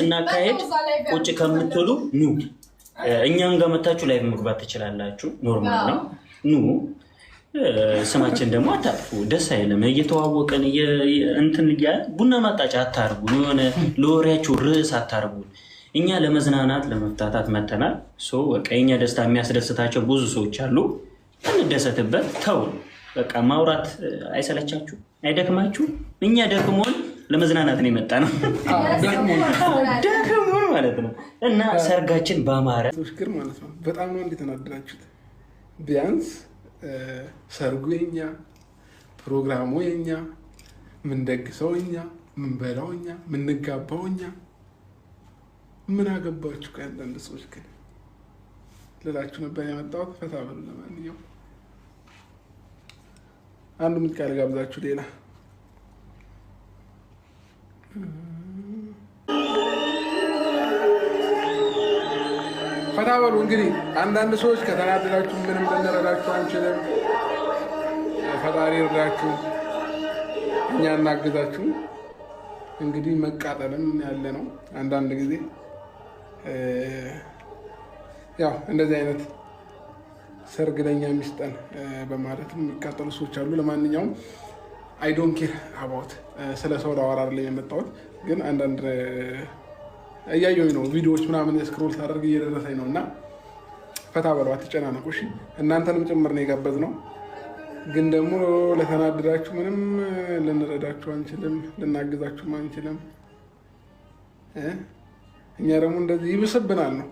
ስናካሄድ ቁጭ ከምትሉ ኑ እኛን ጋር መታችሁ ላይ መግባት ትችላላችሁ። ኖርማል ነው። ኑ ስማችን ደግሞ አታጥፉ። ደስ አይልም። እየተዋወቀን እንትን ቡና ማጣጫ አታርጉን። የሆነ ለወሬያችሁ ርዕስ አታርጉን። እኛ ለመዝናናት ለመፍታታት መተናል። በቃ የኛ ደስታ የሚያስደስታቸው ብዙ ሰዎች አሉ። እንደሰትበት ተው። በቃ ማውራት አይሰለቻችሁ? አይደክማችሁ? እኛ ደክሞን ለመዝናናት ነው የመጣ ነው ደክሞን ማለት ነው። እና ሰርጋችን በአማረ ችግር ማለት ነው። በጣም ነው እንደተናደዳችሁት። ቢያንስ ሰርጉ የኛ፣ ፕሮግራሙ የኛ፣ ምንደግሰው እኛ፣ ምንበላው እኛ፣ ምንጋባው እኛ። ምን አገባችሁ? ከአንዳንድ ሰዎች ግን ልላችሁ ነበር የመጣሁት። ፈታ በሉ። ለማንኛውም አንዱ ሙዚቃ ልጋብዛችሁ ሌላ ፈታ በሉ እንግዲህ። አንዳንድ ሰዎች ከተናደዳችሁ ምንም ልንረዳችሁ አንችልም፣ ፈጣሪ እርዳችሁ፣ እኛ እናግዛችሁ። እንግዲህ መቃጠልም ያለ ነው አንዳንድ ጊዜ ያው እንደዚህ አይነት ሰርግ ለኛ ሚስጠን በማለትም የሚቃጠሉ ሰዎች አሉ። ለማንኛውም አይ ዶንት ኬር አባውት ስለ ሰው ላወራ ላይ የመጣሁት ግን አንዳንድ uh, እያየሁኝ ነው ቪዲዮዎች ምናምን ስክሮል ሳደርግ እየደረሰኝ ነው። እና ፈታ በሉ አትጨናነቁ። እሺ እናንተንም ጭምር ነው የጋበዝ ነው። ግን ደግሞ ለተናደዳችሁ ምንም ልንረዳችሁ አንችልም፣ ልናግዛችሁም አንችልም። እኛ ደግሞ እንደዚህ ይብስብናል ነው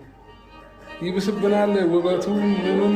ይብስብናል ውበቱ ምኑም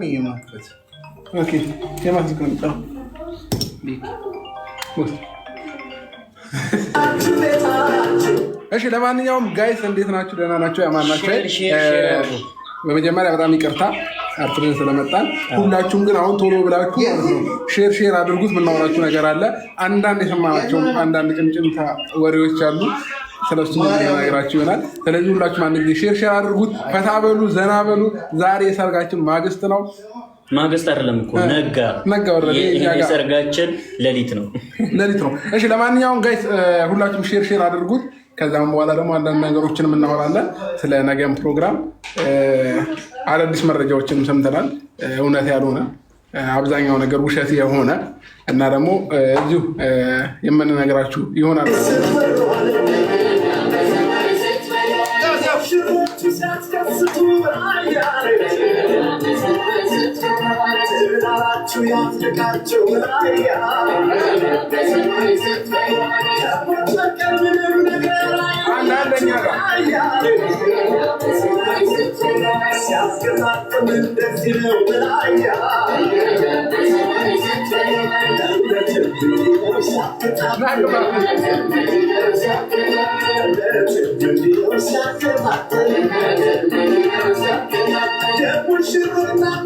ደግሞ የማትበት እሺ ለማንኛውም ጋይስ እንዴት ናችሁ? ደህና ናቸው? ያማን ናቸው? በመጀመሪያ በጣም ይቅርታ አርፍደን ስለመጣን። ሁላችሁም ግን አሁን ቶሎ ብላችሁ ማለት ሼር ሼር አድርጉት። የምናወራችሁ ነገር አለ። አንዳንድ የሰማናቸው አንዳንድ ቅምጭምታ ወሬዎች አሉ። ስለሱ ነገራችሁ ይሆናል። ስለዚህ ሁላችሁ አንድ ጊዜ ሼር ሼር አድርጉት፣ ፈታ በሉ፣ ዘና በሉ። ዛሬ የሰርጋችን ማግስት ነው። ማግስት አይደለም እኮ ነጋ የሰርጋችን ሌሊት ነው፣ ሌሊት ነው። እሺ፣ ለማንኛውም ጋይስ ሁላችሁም ሼር ሼር አድርጉት። ከዛም በኋላ ደግሞ አንዳንድ ነገሮችን እናወራለን። ስለ ነገም ፕሮግራም አዳዲስ መረጃዎችንም ሰምተናል። እውነት ያልሆነ አብዛኛው ነገር ውሸት የሆነ እና ደግሞ እዚሁ የምንነግራችሁ ይሆናል። country after country var ya. Yapacak kendimde Anneannem ya. Şapkın aklımın desini var ya. Yapışırım ben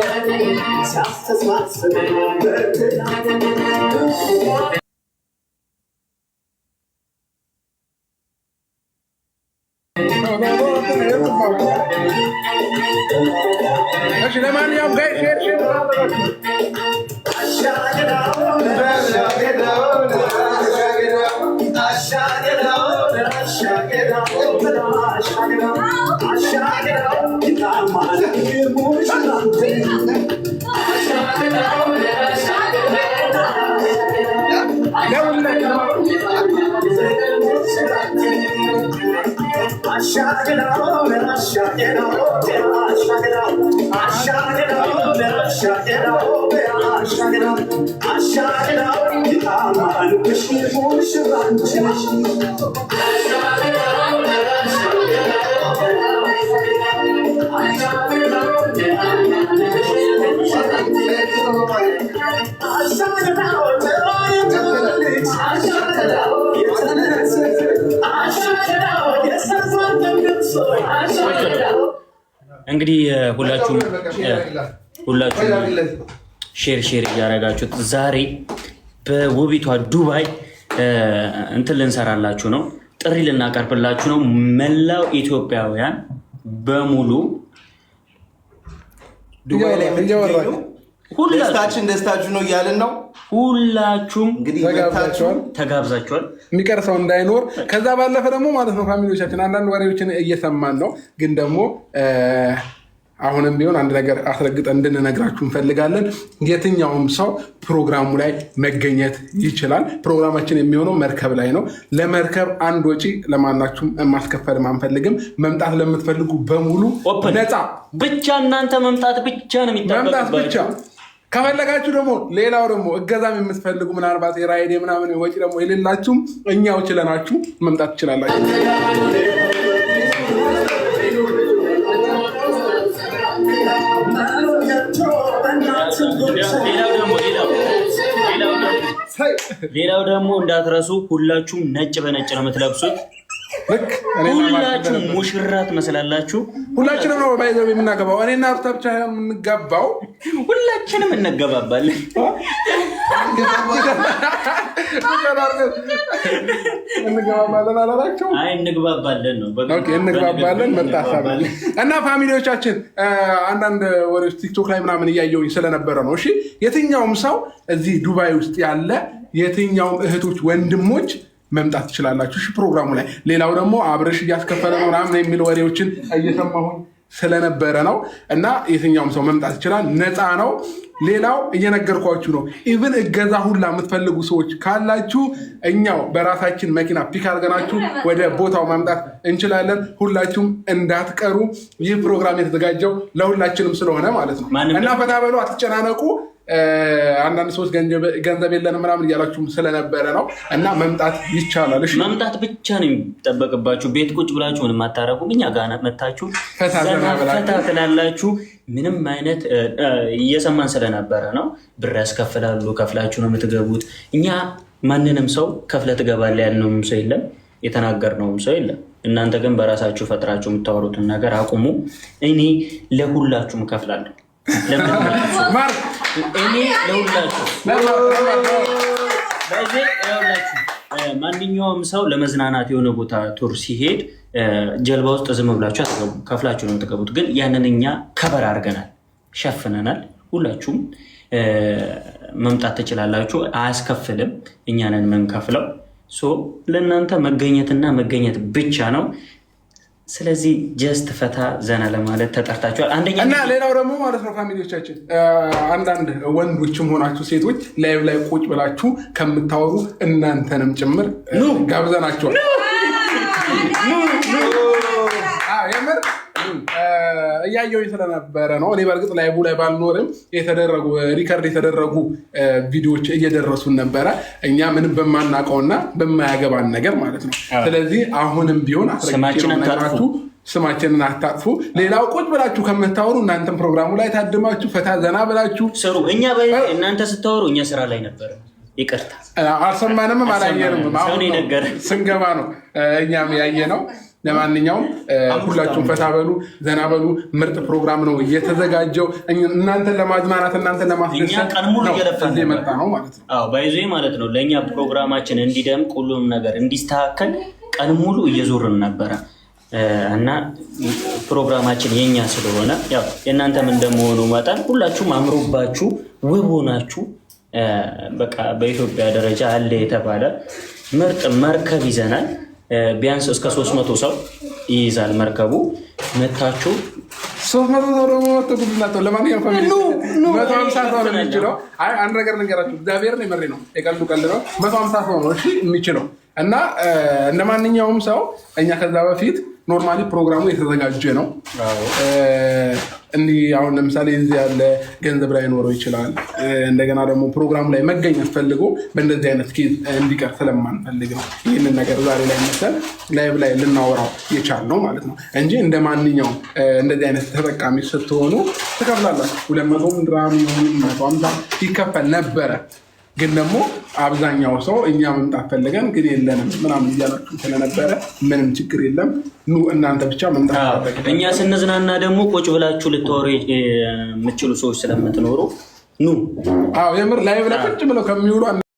Just as much for me. shot it out, and I shot it out, and I shot it out. I shot it out, and I shot it out, and I shot it out. I shot it out, I'm wishing for a shot. I shot it out, and I shot it out, and I shot it out. I shot it out, and I'm wishing for a shot. እንግዲህ ሁላችሁም ሁላችሁም ሼር ሼር እያደረጋችሁት ዛሬ በውቢቷ ዱባይ እንትን ልንሰራላችሁ ነው፣ ጥሪ ልናቀርብላችሁ ነው። መላው ኢትዮጵያውያን በሙሉ ዱባይ ደስታችሁ ነው እያልን ነው ሁላችሁም እንግዲህ ተጋብዛችኋል። የሚቀርሰው እንዳይኖር። ከዛ ባለፈ ደግሞ ማለት ነው ፋሚሊዎቻችን አንዳንድ ወሬዎችን እየሰማን ነው፣ ግን ደግሞ አሁንም ቢሆን አንድ ነገር አስረግጠን እንድንነግራችሁ እንፈልጋለን። የትኛውም ሰው ፕሮግራሙ ላይ መገኘት ይችላል። ፕሮግራማችን የሚሆነው መርከብ ላይ ነው። ለመርከብ አንድ ወጪ ለማናችሁም ማስከፈልም አንፈልግም። መምጣት ለምትፈልጉ በሙሉ ነፃ፣ ብቻ እናንተ መምጣት ብቻ ነው ብቻ ከፈለጋችሁ ደግሞ ሌላው ደግሞ እገዛም የምትፈልጉ ምናልባት የራይዴ ምናምን ወጪ ደግሞ የሌላችሁም እኛው ችለናችሁ መምጣት ትችላላችሁ። ሌላው ደግሞ እንዳትረሱ ሁላችሁም ነጭ በነጭ ነው የምትለብሱት። ሁላችሁ ሙሽራ ትመስላላችሁ። ሁላችንም ነው ባይዘ የምናገባው። እኔና ሀብታ ብቻ የምንጋባው ሁላችንም እንገባባለን። እንግባባለን ነው እና ፋሚሊዎቻችን አንዳንድ ወደ ቲክቶክ ላይ ምናምን እያየውኝ ስለነበረ ነው። እሺ የትኛውም ሰው እዚህ ዱባይ ውስጥ ያለ የትኛውም እህቶች ወንድሞች መምጣት ትችላላችሁ። ፕሮግራሙ ላይ ሌላው ደግሞ አብረሽ እያስከፈለ ነው ምናምን የሚል ወሬዎችን እየሰማሁኝ ስለነበረ ነው እና የትኛውም ሰው መምጣት ይችላል፣ ነፃ ነው። ሌላው እየነገርኳችሁ ነው። ኢቭን እገዛ ሁላ የምትፈልጉ ሰዎች ካላችሁ እኛው በራሳችን መኪና ፒክ አድርገናችሁ ወደ ቦታው ማምጣት እንችላለን። ሁላችሁም እንዳትቀሩ። ይህ ፕሮግራም የተዘጋጀው ለሁላችንም ስለሆነ ማለት ነው እና ፈታ በሉ፣ አትጨናነቁ። አንዳንድ ሰዎች ገንዘብ የለንም ምናምን እያላችሁ ስለነበረ ነው። እና መምጣት ይቻላል። መምጣት ብቻ ነው የሚጠበቅባችሁ። ቤት ቁጭ ብላችሁ ምንም አታረጉም። እኛ ጋ መታችሁ ፈታ ትላላችሁ። ምንም አይነት እየሰማን ስለነበረ ነው። ብር ያስከፍላሉ። ከፍላችሁ ነው የምትገቡት። እኛ ማንንም ሰው ከፍለ ትገባለ ያልነውም ሰው የለም የተናገርነውም ሰው የለም። እናንተ ግን በራሳችሁ ፈጥራችሁ የምታወሩትን ነገር አቁሙ። እኔ ለሁላችሁም እከፍላለሁ። እኔ ለሁላችሁ ማንኛውም ሰው ለመዝናናት የሆነ ቦታ ቱር ሲሄድ ጀልባ ውስጥ ዝም ብላችሁ አትገቡ፣ ከፍላችሁ ነው የምትገቡት። ግን ያንን እኛ ከበር አድርገናል፣ ሸፍነናል። ሁላችሁም መምጣት ትችላላችሁ፣ አያስከፍልም። እኛንን የምንከፍለው ለእናንተ መገኘትና መገኘት ብቻ ነው። ስለዚህ ጀስት ፈታ ዘና ለማለት ተጠርታችኋል። አንደኛ እና ሌላው ደግሞ ማለት ነው ፋሚሊዎቻችን፣ አንዳንድ ወንዶችም ሆናችሁ ሴቶች ላይ ላይ ቁጭ ብላችሁ ከምታወሩ እናንተንም ጭምር ጋብዘናችኋል። እያየው ስለነበረ ነው። እኔ በእርግጥ ላይቡ ላይ ባልኖርም የተደረጉ ሪከርድ የተደረጉ ቪዲዮዎች እየደረሱን ነበረ፣ እኛ ምንም በማናውቀውና በማያገባን ነገር ማለት ነው። ስለዚህ አሁንም ቢሆን አስረግጡ ስማችንን አታጥፉ። ሌላው ቁጭ ብላችሁ ከምታወሩ እናንተም ፕሮግራሙ ላይ ታድማችሁ ፈታ ዘና ብላችሁ ስሩ። እኛ እናንተ ስታወሩ እኛ ስራ ላይ ነበር። ይቅርታ አልሰማንም፣ አላየንም። ስንገባ ነው እኛም ያየ ነው። ለማንኛውም ሁላችሁም ፈታ በሉ፣ ዘና በሉ። ምርጥ ፕሮግራም ነው እየተዘጋጀው እናንተን ለማዝናናት እናንተን ለማስደሰት ነው ማለት ነው። ባይዞ ማለት ነው ለእኛ ፕሮግራማችን እንዲደምቅ ሁሉም ነገር እንዲስተካከል ቀን ሙሉ እየዞርን ነበረ እና ፕሮግራማችን የኛ ስለሆነ ያው የእናንተም እንደመሆኑ መጠን ሁላችሁም አምሮባችሁ ውብ ሆናችሁ በቃ በኢትዮጵያ ደረጃ አለ የተባለ ምርጥ መርከብ ይዘናል። ቢያንስ እስከ ሶስት መቶ ሰው ይይዛል መርከቡ። መታችሁ ሶስት መቶ ሰው ደግሞ መቶ ለማንኛውም መቶ ሀምሳ ሰው ነው የሚችለው። አይ አንድ ነገር የመሬ ነው የቀልዱ ቀልድ ነው። መቶ ሀምሳ ሰው ነው እሺ የሚችለው እና እንደ ማንኛውም ሰው እኛ ከዛ በፊት ኖርማሊ ፕሮግራሙ የተዘጋጀ ነው እንዲህ አሁን ለምሳሌ እዚህ ያለ ገንዘብ ላይ ኖረው ይችላል። እንደገና ደግሞ ፕሮግራሙ ላይ መገኘት ፈልጎ በእንደዚህ አይነት ኬዝ እንዲቀር ስለማንፈልግ ነው ይህንን ነገር ዛሬ ላይ መሰል ላይብ ላይ ልናወራው ነው ማለት ነው እንጂ እንደ ማንኛውም እንደዚህ አይነት ተጠቃሚ ስትሆኑ ትከፍላላችሁ። ሁለት መቶም ድራም ይሁን መቶ ይከፈል ነበረ ግን ደግሞ አብዛኛው ሰው እኛ መምጣት ፈልገን ግን የለንም ምናምን እያላችሁ ስለነበረ ምንም ችግር የለም። ኑ እናንተ ብቻ መምጣት እኛ ስንዝናና ደግሞ ቁጭ ብላችሁ ልታወሩ የምችሉ ሰዎች ስለምትኖሩ ኑ የምር ላይ ብላ ቁጭ ብለው ከሚውሉ